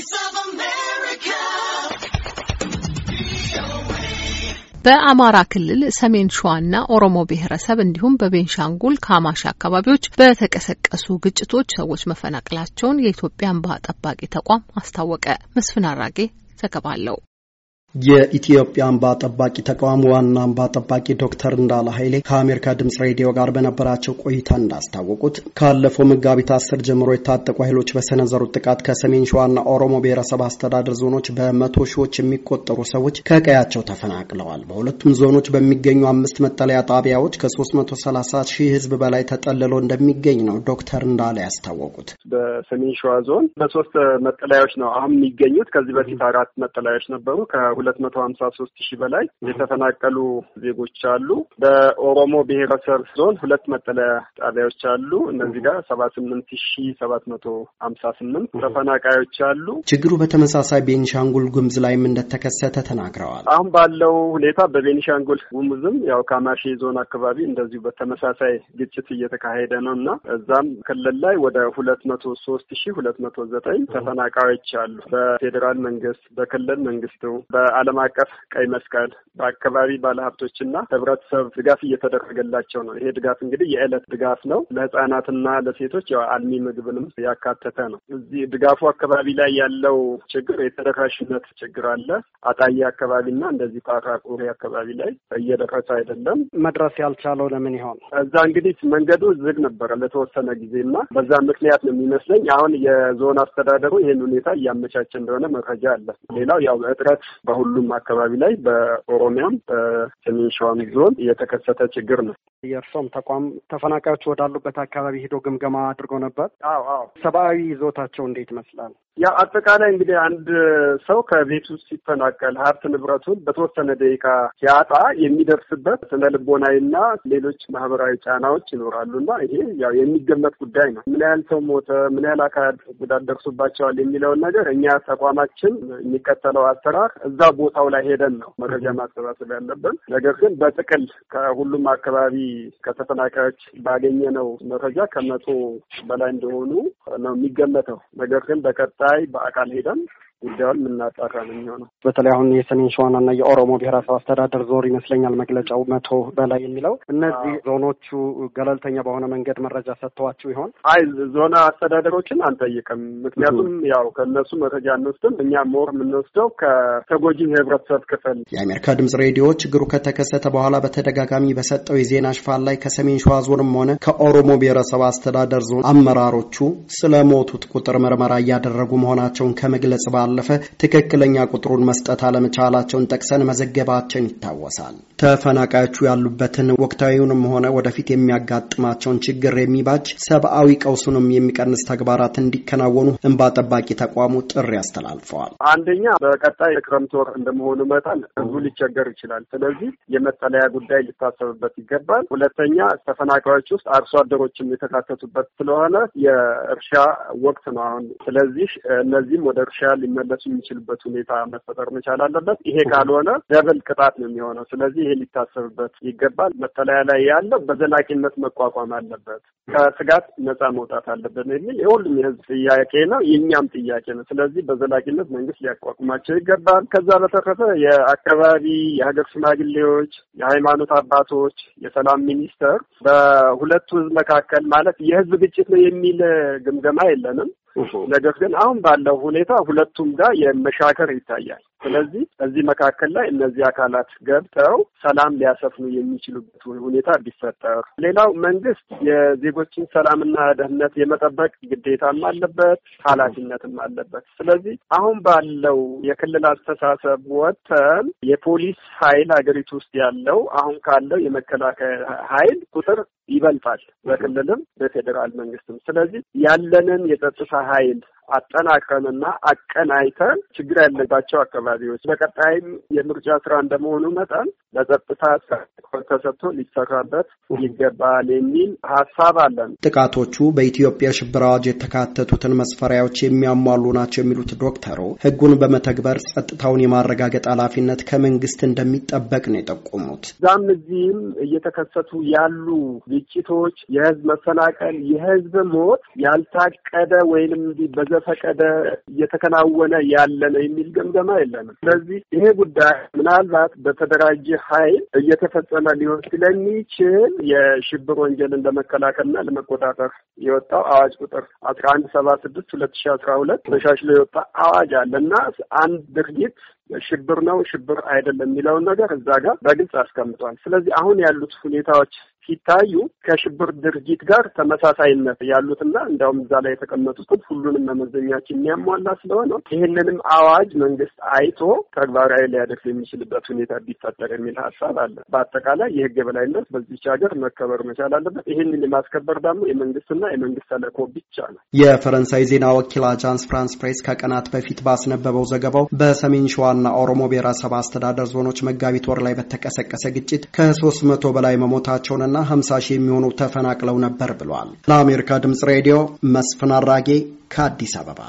Voice of America. በአማራ ክልል ሰሜን ሸዋና ኦሮሞ ብሔረሰብ እንዲሁም በቤንሻንጉል ካማሽ አካባቢዎች በተቀሰቀሱ ግጭቶች ሰዎች መፈናቀላቸውን የኢትዮጵያ እንባ ጠባቂ ተቋም አስታወቀ። መስፍን አራጌ ዘገባ አለው። የኢትዮጵያ እንባ ጠባቂ ተቋም ዋና እንባ ጠባቂ ዶክተር እንዳለ ኃይሌ ከአሜሪካ ድምጽ ሬዲዮ ጋር በነበራቸው ቆይታ እንዳስታወቁት ካለፈው መጋቢት አስር ጀምሮ የታጠቁ ኃይሎች በሰነዘሩት ጥቃት ከሰሜን ሸዋና ኦሮሞ ብሔረሰብ አስተዳደር ዞኖች በመቶ ሺዎች የሚቆጠሩ ሰዎች ከቀያቸው ተፈናቅለዋል። በሁለቱም ዞኖች በሚገኙ አምስት መጠለያ ጣቢያዎች ከ330 ሺህ ህዝብ በላይ ተጠልሎ እንደሚገኝ ነው ዶክተር እንዳለ ያስታወቁት። በሰሜን ሸዋ ዞን በሶስት መጠለያዎች ነው አሁን የሚገኙት። ከዚህ በፊት አራት መጠለያዎች ነበሩ። ከሁለት መቶ ሀምሳ ሶስት ሺህ በላይ የተፈናቀሉ ዜጎች አሉ። በኦሮሞ ብሔረሰብ ዞን ሁለት መጠለያ ጣቢያዎች አሉ። እነዚህ ጋር ሰባ ስምንት ሺህ ሰባት መቶ ሀምሳ ስምንት ተፈናቃዮች አሉ። ችግሩ በተመሳሳይ ቤኒሻንጉል ጉምዝ ላይም እንደተከሰተ ተናግረዋል። አሁን ባለው ሁኔታ በቤኒሻንጉል ጉምዝም ያው ካማሼ ዞን አካባቢ እንደዚሁ በተመሳሳይ ግጭት እየተካሄደ ነው እና እዛም ክልል ላይ ወደ ሁለት መቶ ሶስት ሺህ ሁለት መቶ ዘጠኝ ተፈናቃዮች አሉ። በፌዴራል መንግስት፣ በክልል መንግስቱ፣ በ በዓለም አቀፍ ቀይ መስቀል በአካባቢ ባለሀብቶችና ህብረተሰብ ድጋፍ እየተደረገላቸው ነው። ይሄ ድጋፍ እንግዲህ የዕለት ድጋፍ ነው። ለህጻናትና ለሴቶች ያው አልሚ ምግብንም ያካተተ ነው። እዚህ ድጋፉ አካባቢ ላይ ያለው ችግር የተደራሽነት ችግር አለ። አጣዬ አካባቢና እንደዚህ ታራቁሪ አካባቢ ላይ እየደረሰ አይደለም። መድረስ ያልቻለው ለምን ይሆን? እዛ እንግዲህ መንገዱ ዝግ ነበረ ለተወሰነ ጊዜና በዛ ምክንያት ነው የሚመስለኝ። አሁን የዞን አስተዳደሩ ይህን ሁኔታ እያመቻቸ እንደሆነ መረጃ አለ። ሌላው ያው እጥረት ሁሉም አካባቢ ላይ በኦሮሚያም በሰሜን ሸዋም ዞን የተከሰተ ችግር ነው። የእርሶም ተቋም ተፈናቃዮች ወዳሉበት አካባቢ ሄዶ ግምገማ አድርጎ ነበር? አዎ አዎ። ሰብአዊ ይዞታቸው እንዴት ይመስላል? ያ አጠቃላይ እንግዲህ አንድ ሰው ከቤቱ ሲፈናቀል ሀብት ንብረቱን በተወሰነ ደቂቃ ሲያጣ የሚደርስበት ስነ ልቦናዊና ሌሎች ማህበራዊ ጫናዎች ይኖራሉና ይሄ ያው የሚገመት ጉዳይ ነው። ምን ያህል ሰው ሞተ፣ ምን ያህል አካል ጉዳት ደርሶባቸዋል የሚለውን ነገር እኛ ተቋማችን የሚከተለው አሰራር እዛ ቦታው ላይ ሄደን ነው መረጃ ማሰባሰብ ያለብን። ነገር ግን በጥቅል ከሁሉም አካባቢ ከተፈናቃዮች ባገኘነው መረጃ ከመቶ በላይ እንደሆኑ ነው የሚገመተው። ነገር ግን በቀጣይ በአካል ሄደን ጉዳዩን የምናጣራ ነው የሚሆነው። በተለይ አሁን የሰሜን ሸዋናና የኦሮሞ ብሔረሰብ አስተዳደር ዞር ይመስለኛል መግለጫው መቶ በላይ የሚለው እነዚህ ዞኖቹ ገለልተኛ በሆነ መንገድ መረጃ ሰጥተዋችሁ ይሆን? አይ ዞና አስተዳደሮችን አንጠይቅም። ምክንያቱም ያው ከእነሱ መረጃ አንወስድም። እኛ ሞር የምንወስደው ከተጎጂ ህብረተሰብ ክፍል። የአሜሪካ ድምጽ ሬዲዮ ችግሩ ከተከሰተ በኋላ በተደጋጋሚ በሰጠው የዜና ሽፋን ላይ ከሰሜን ሸዋ ዞንም ሆነ ከኦሮሞ ብሔረሰብ አስተዳደር ዞን አመራሮቹ ስለሞቱት ቁጥር ምርመራ እያደረጉ መሆናቸውን ከመግለጽ ባለ ባለፈ ትክክለኛ ቁጥሩን መስጠት አለመቻላቸውን ጠቅሰን መዘገባችን ይታወሳል። ተፈናቃዮቹ ያሉበትን ወቅታዊውንም ሆነ ወደፊት የሚያጋጥማቸውን ችግር የሚባጅ ሰብአዊ ቀውሱንም የሚቀንስ ተግባራት እንዲከናወኑ እንባ ጠባቂ ተቋሙ ጥሪ አስተላልፈዋል። አንደኛ በቀጣይ የክረምት ወር እንደመሆኑ መጠን ህዝቡ ሊቸገር ይችላል። ስለዚህ የመጠለያ ጉዳይ ሊታሰብበት ይገባል። ሁለተኛ ተፈናቃዮች ውስጥ አርሶ አደሮችም የተካተቱበት ስለሆነ የእርሻ ወቅት ነው አሁን። ስለዚህ እነዚህም ወደ እርሻ ሊመ ሊመለሱ የሚችልበት ሁኔታ መፈጠር መቻል አለበት። ይሄ ካልሆነ ደብል ቅጣት ነው የሚሆነው። ስለዚህ ይሄ ሊታሰብበት ይገባል። መጠለያ ላይ ያለው በዘላቂነት መቋቋም አለበት። ከስጋት ነጻ መውጣት አለበት የሚል የሁሉም የህዝብ ጥያቄ ነው፣ የእኛም ጥያቄ ነው። ስለዚህ በዘላቂነት መንግስት ሊያቋቁማቸው ይገባል። ከዛ በተረፈ የአካባቢ የሀገር ሽማግሌዎች፣ የሃይማኖት አባቶች፣ የሰላም ሚኒስተር በሁለቱ ህዝብ መካከል ማለት የህዝብ ግጭት ነው የሚል ግምገማ የለንም። ነገር ግን አሁን ባለው ሁኔታ ሁለቱም ጋር የመሻከር ይታያል። ስለዚህ እዚህ መካከል ላይ እነዚህ አካላት ገብተው ሰላም ሊያሰፍኑ የሚችሉበት ሁኔታ ቢፈጠር፣ ሌላው መንግስት የዜጎችን ሰላምና ደህንነት የመጠበቅ ግዴታም አለበት ኃላፊነትም አለበት። ስለዚህ አሁን ባለው የክልል አስተሳሰብ ወጥተን የፖሊስ ኃይል ሀገሪቱ ውስጥ ያለው አሁን ካለው የመከላከያ ኃይል ቁጥር ይበልጣል በክልልም በፌዴራል መንግስትም። ስለዚህ ያለንን የጸጥታ ኃይል አጠናክረንና አቀናይተን ችግር ያለባቸው አካባቢዎች በቀጣይም የምርጫ ስራ እንደመሆኑ መጠን ለጸጥታ ተሰጥቶ ሊሰራበት ይገባል የሚል ሀሳብ አለን። ጥቃቶቹ በኢትዮጵያ ሽብር አዋጅ የተካተቱትን መስፈሪያዎች የሚያሟሉ ናቸው የሚሉት ዶክተሩ ህጉን በመተግበር ጸጥታውን የማረጋገጥ ኃላፊነት ከመንግስት እንደሚጠበቅ ነው የጠቆሙት። እዛም እዚህም እየተከሰቱ ያሉ ግጭቶች፣ የህዝብ መፈናቀል፣ የህዝብ ሞት ያልታቀደ ወይንም በዘ በዘፈቀደ እየተከናወነ ያለ ነው የሚል ገምገማ የለንም። ስለዚህ ይሄ ጉዳይ ምናልባት በተደራጀ ኃይል እየተፈጸመ ሊሆን ስለሚችል የሽብር ወንጀልን ለመከላከልና ለመቆጣጠር የወጣው አዋጅ ቁጥር አስራ አንድ ሰባ ስድስት ሁለት ሺ አስራ ሁለት ተሻሽሎ የወጣ አዋጅ አለ እና አንድ ድርጊት ሽብር ነው ሽብር አይደለም የሚለውን ነገር እዛ ጋር በግልጽ አስቀምጧል። ስለዚህ አሁን ያሉት ሁኔታዎች ሲታዩ ከሽብር ድርጊት ጋር ተመሳሳይነት ያሉትና እንዲያውም እዛ ላይ የተቀመጡትን ሁሉንም መመዘኛች የሚያሟላ ስለሆነ ይህንንም አዋጅ መንግስት አይቶ ተግባራዊ ሊያደርግ የሚችልበት ሁኔታ ቢፈጠር የሚል ሀሳብ አለ። በአጠቃላይ የህግ የበላይነት በዚች ሀገር መከበር መቻል አለበት። ይህንን የማስከበር ደግሞ የመንግስትና የመንግስት ተለኮ ብቻ ነው። የፈረንሳይ ዜና ወኪል አጃንስ ፍራንስ ፕሬስ ከቀናት በፊት ባስነበበው ዘገባው በሰሜን ሸዋና ኦሮሞ ብሔረሰብ አስተዳደር ዞኖች መጋቢት ወር ላይ በተቀሰቀሰ ግጭት ከሶስት መቶ በላይ መሞታቸውን ቁጥርና 50 ሺህ የሚሆኑ ተፈናቅለው ነበር ብሏል። ለአሜሪካ ድምፅ ሬዲዮ መስፍን አራጌ ከአዲስ አበባ